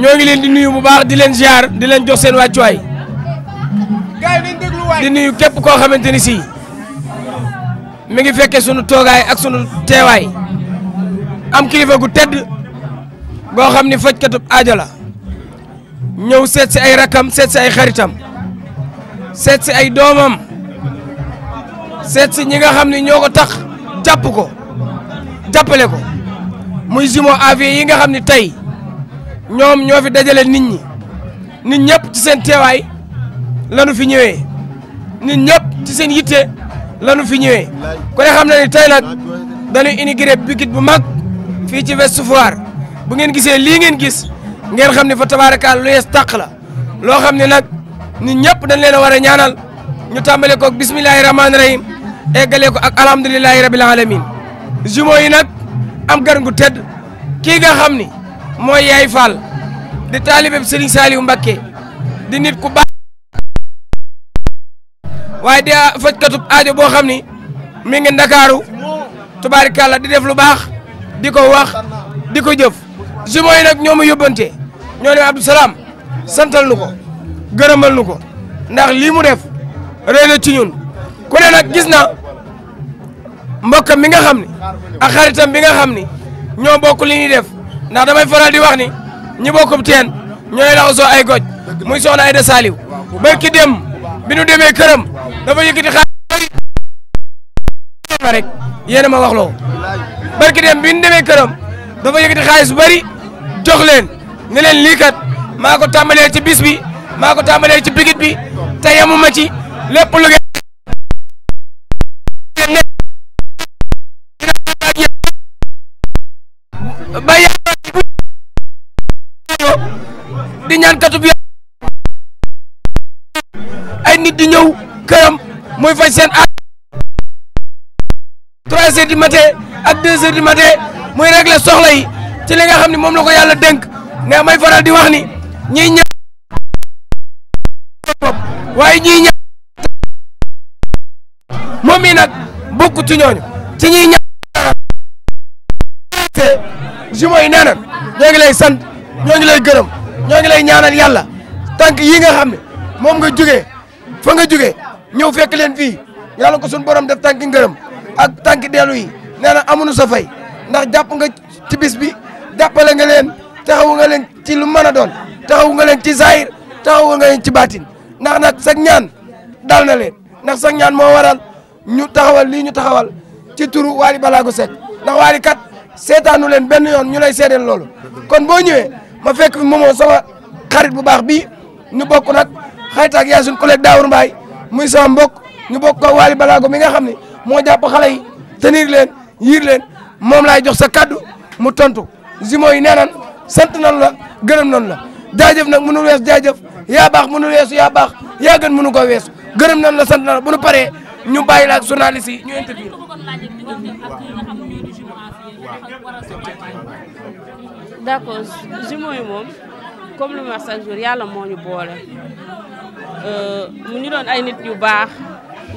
ñoo ngi leen di nuyu bu baax di leen ziar di leen jox seen wàccuwaay di nuyu képp koo xamante ni si mi ngi fekke sunu toogaay ak sunu teewaay am kilifa gu tedd goo xam ni fajkatub aajo la ñëw seet si ay rakkam seet si ay xaritam seet si ay doomam seet si ñi nga xam ni ñoo ko tax jàpp ko jàppale ko muy jumeau avie yi nga xam ni tey. ñoom ñoo fi dajale nit ñi nit ñëpp ci seen teewaay lanu fi ñëwee nit ñëpp ci seen yitte lanu fi ñëwee ko ne xam na ni tey nag dañuy inauguré bikit bu mag fii ci Ouest Foire bu ngeen gisee lii ngeen gis ngeen xam ne fa tabaarakaal lu yees tàq la loo xam ne nag nit ñëpp dañ leen a war a ñaanal ñu tàmbale ko ak bismillahi rahmaani rahim eggalee ko ak alhamdulilahi rabil alamin jumeaux yi nag am gan gu tedd kii nga xam ni mooy Yaay Fall di taalibeem Serigne saali Mbacké di nit ku baax waaye di fajkatub aajo boo xam ni mi ngi ndakaaru tubaarikàlla di def lu baax di ko wax di ko jëf jumeaux yi nag ñoo ma yóbbante ñoo santal nu ko gërëmal nu ko ndax lii mu def rëy na ci ñun ku ne nag gis na mbokkam mi nga xam ni ak xaritam bi nga xam ni ñoo bokk li ñuy def ndax damay faral di wax ni ñi bokkub teen ñooy laxasoo ay goj muy soxna Aida Saliou barki dem bi nu demee këram dafa yëkkati xaalis ma rek yéena ma wax loo bu bëri jox leen ne leen lii kat maa ko tàmbalee ci bis bi maa ko tàmbalee ci bigit bi te yemuma ci lépp lu di ñaan katub yo ay nit di ñëw këram muy faj seen at trois heures du matin ak deux heures du muy régler soxla ci li nga xam ne moom la ko yàlla dénk ne faral di wax ni ñi ñaan waaye ñiy ñaan moom mii nag bokk ci ñooñu ci ñaan jumeau yi nee na lay sant ñoo lay gërëm ñoo ngi lay ñaanal yàlla tànk yi nga xam ne moom nga jugee fa nga jugee ñëw fekk leen fii yàlla ko suñu borom de tànk ngërëm ak tànk dellu yi nee na amuñu sa fay ndax jàpp nga ci bis bi jàppale nga leen taxawu nga leen ci lu mën a doon taxawu nga leen ci zahir taxawu nga leen ci baatin ndax nag sag ñaan dal na leen ndax sag ñaan moo waral ñu taxawal lii ñu taxawal ci turu Wally Ballago Seck ndax Wally kat seetaanu leen benn yoon ñu lay seedeel loolu kon ma fekk fi moomoo sama xarit bu baax bi ñu bokk nag xayta ak yaay suñu collègue Daawur Mbaay muy sama mbokk ñu bokk ko Waly Balago mi nga xam ne moo jàpp xale yi tenir leen yiir leen moom laay jox sa kaddu mu tontu zimo yi nee nan sant nañ la gërëm nañ la jaajëf nag mënul weesu jaajëf yaa baax mënul weesu yaa baax yaa gën mënu ko weesu gërëm nañ la sant nañ la bu nu paree ñu bàyyi la ak journaliste d'accord jumeaux yi moom comme lu ma wax chaque yàlla moo ñu boole euh, mu ñu doon ay nit yu baax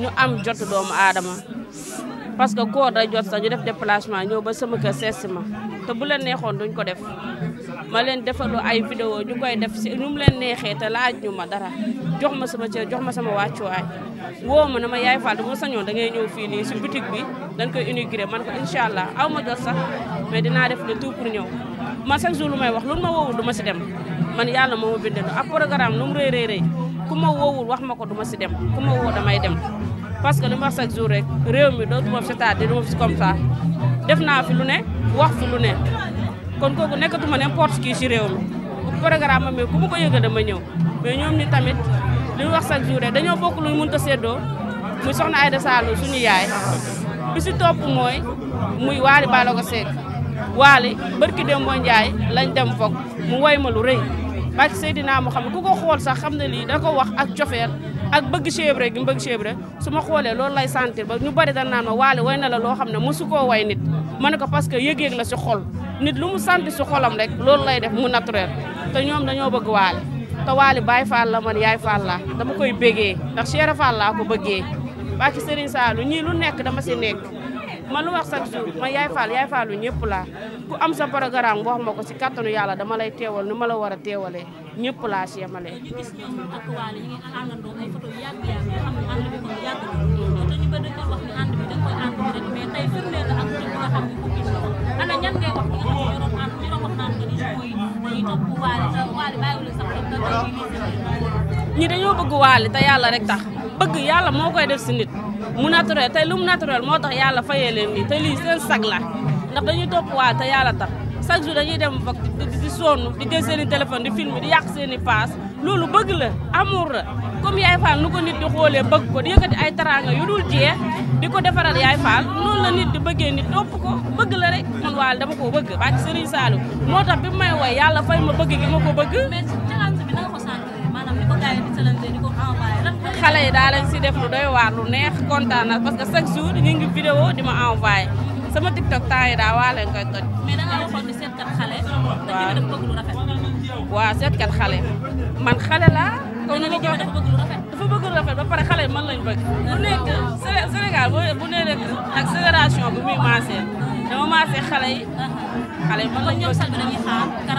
ñu am jotu doomu aadama parce que koor day jot sax ñu def déplacement ñëw ba sama kër si ma te bu leen neexoon duñ ko def ma leen defaloo ay vidéo ñu koy def si ñu mu leen neexee te laaj ñu ma dara jox ma sama cër jox ma sama wàccuwaay woo ma na ma yaay Fall dama sañoon da ngay ñëw fii nii si boutique bi dañ koy inauguré man ko incha allah aw ma jot sax mais dinaa def le ñëw. man chaque lu may wax loolu ma woowul du ma si dem man yàlla moo ma bindal ak programme lu mu rëy rëy rëy ku ma woowul wax ma ko du ma si dem ku ma woo damay dem parce que li ma wax chaque jour rek réew mi dootu ma fi seetaat di ma fi comme ça def naa fi lu ne wax fi lu ne kon kooku nekkatuma n'importe qui si réew mi programme ma ku ko yëga dama ñëw mais ñoom ñi tamit li ñu wax chaque jour rek dañoo bokk luñ mënut a séddoo muy soxna Aïda Sall suñu yaay bi si topp mooy muy Waly Ballago Seck waale barki dem moo njaay lañ dem foog mu woy ma lu rëy barki Seydina moo xam ne ku ko xool sax xam ne lii da ko wax ak cofeel ak bëgg chèvre gi mu bëgg chèvre su ma xoolee loolu lay sentir ba ñu bari dañ naan ma waale woy na la loo xam ne mosu koo woy nit ma ne ko parce que yëg-yëg la si xol nit lu mu sentir si xolam rek loolu lay def mu naturel te ñoom dañoo bëgg waale te waale Baay Faal la man yaay Faal laa dama koy bégee ndax Cheikh Faal laa ko bëggee barki Serigne Saliou ñii lu nekk dama si man lu wax chaque jour man yaay faal yaay faalu ñëpp laa ku am sa programme ma ko si kàttanu yàlla dama lay teewal nu ma la war a teewalee ñëpp laa si yemale. ñi dañoo bëgg waali te yàlla rek tax bëgg yàlla moo koy def si nit mu naturel tey lu mu naturel moo tax yàlla fayee leen lii te lii seen sag la ndax dañuy topp waa te yàlla tax chaque jour dañuy dem vak di sonn di jël seen i téléphone di film di yàq seen i paas loolu bëgg la amour la comme Yaay Fall nu ko nit di xoolee bëgg ko di yëkkati ay taranga yu dul jeex di ko defaral Yaay Fall noonu la nit di bëggee nit topp ko bëgg la rek man waal dama ko bëgg bàcc Serigne Saliou moo tax bi may woy yàlla fay ma bëgg gi ma ko bëgg xale yi daa lañ si def lu doy waar lu neex kontaan na parce que chaque jour ñu vidéo di ma envoyé sama tiktok temps yi daa waa leen koy toj. mais da ngaa waxoon xale. xale man xale laa. dafa bëgg lu rafet. ba pare xale yi man lañ bëgg. Sénégal bu nekk ak génération bi xale yi. Uh-huh. xale yi man la ñu xaar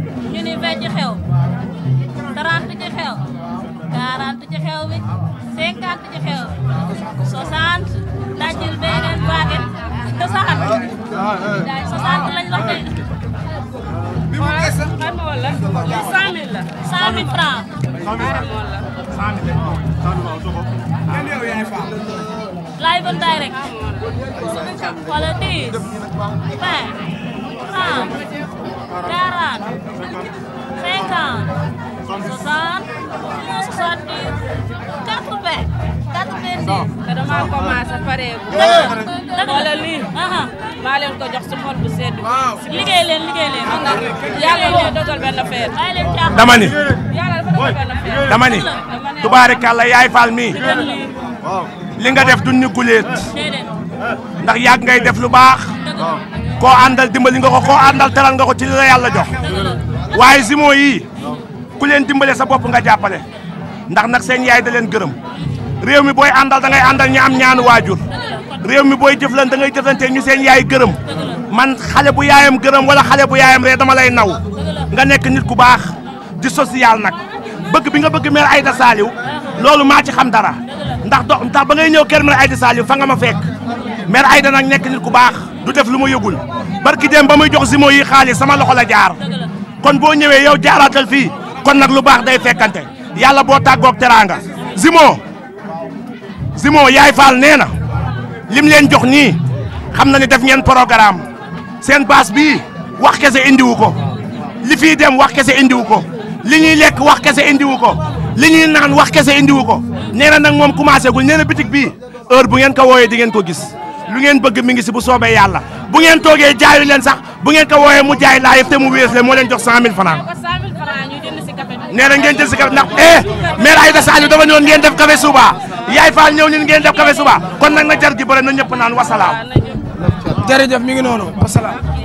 ñu ni vingt ci xew bi trente ci xew quarante ci xew bi cinquante ci xew bi soixante dajil beneen baaget te saxat soixante lañ wax tey wala xam nga wala cent mille la cent mille francs laay bon tay rek wala dix vingt trente quarante cinquante soixante soixante-dix quatre-vingt quatre-vingt-dix te dama commencé maa ko jox su xol bu sedd liggéey leen leen nga yàlla ñoo dogal yaay faal mii li nga def duñ ni ndax yàgg ngay def lu baax koo àndal dimbali nga ko koo àndal teral nga ko ci li la yàlla jox waaye jumeaux yii ku leen dimbale sa bopp nga jàppale ndax nag seen yaay da leen gërëm réew mi booy àndal da ngay àndal ñu am ñaanu waajur réew mi booy jëflan da ngay jëflante ñu seen yaay gërëm man xale bu yaayam gërëm wala xale bu yaayam ree dama lay naw nga nekk nit ku baax di social nag bëgg bi nga bëgg mère ay Saliou loolu maa ci xam dara ndax do ndax ba ngay ñëw kër mère Aïda Saliou nga ma fekk mère Aïda nag nekk nit baax du def lu ma yëgul barki ba muy jox si yi xaalis sama loxo la jaar kon boo ñëwee yow jaaraatal fii kon nag lu baax day fekkante yàlla boo tàggoog teraanga Zimo Zimo yaay faal nee na lim leen jox nii xam na ni def ngeen programme seen baas bii wax kese indiwu ko li fii dem wax kese indiwu ko li ñuy lekk wax kese indiwu ko li ñuy naan wax kese indiwu ko nee na nag moom commencé gul nee na bitig bii heure bu ngeen ko di ngeen ko gis bi ngeen bëgg mi ngi si bu soobee yàlla bu ngeen toogee jaayu leen sax bu ngeen ko wooyee mu jaay laayif te mu wées leen moo leen jox 100000 francs nee na ngeen jël si café ndax eh mère Aïda Saliou dafa ñëwoon ngeen def café suba yaay Fall ñëw ñun ngeen def café suba kon nag na jar ji bëre na ñëpp naan wasalaam jërëjëf mi ngi noonu wasalaam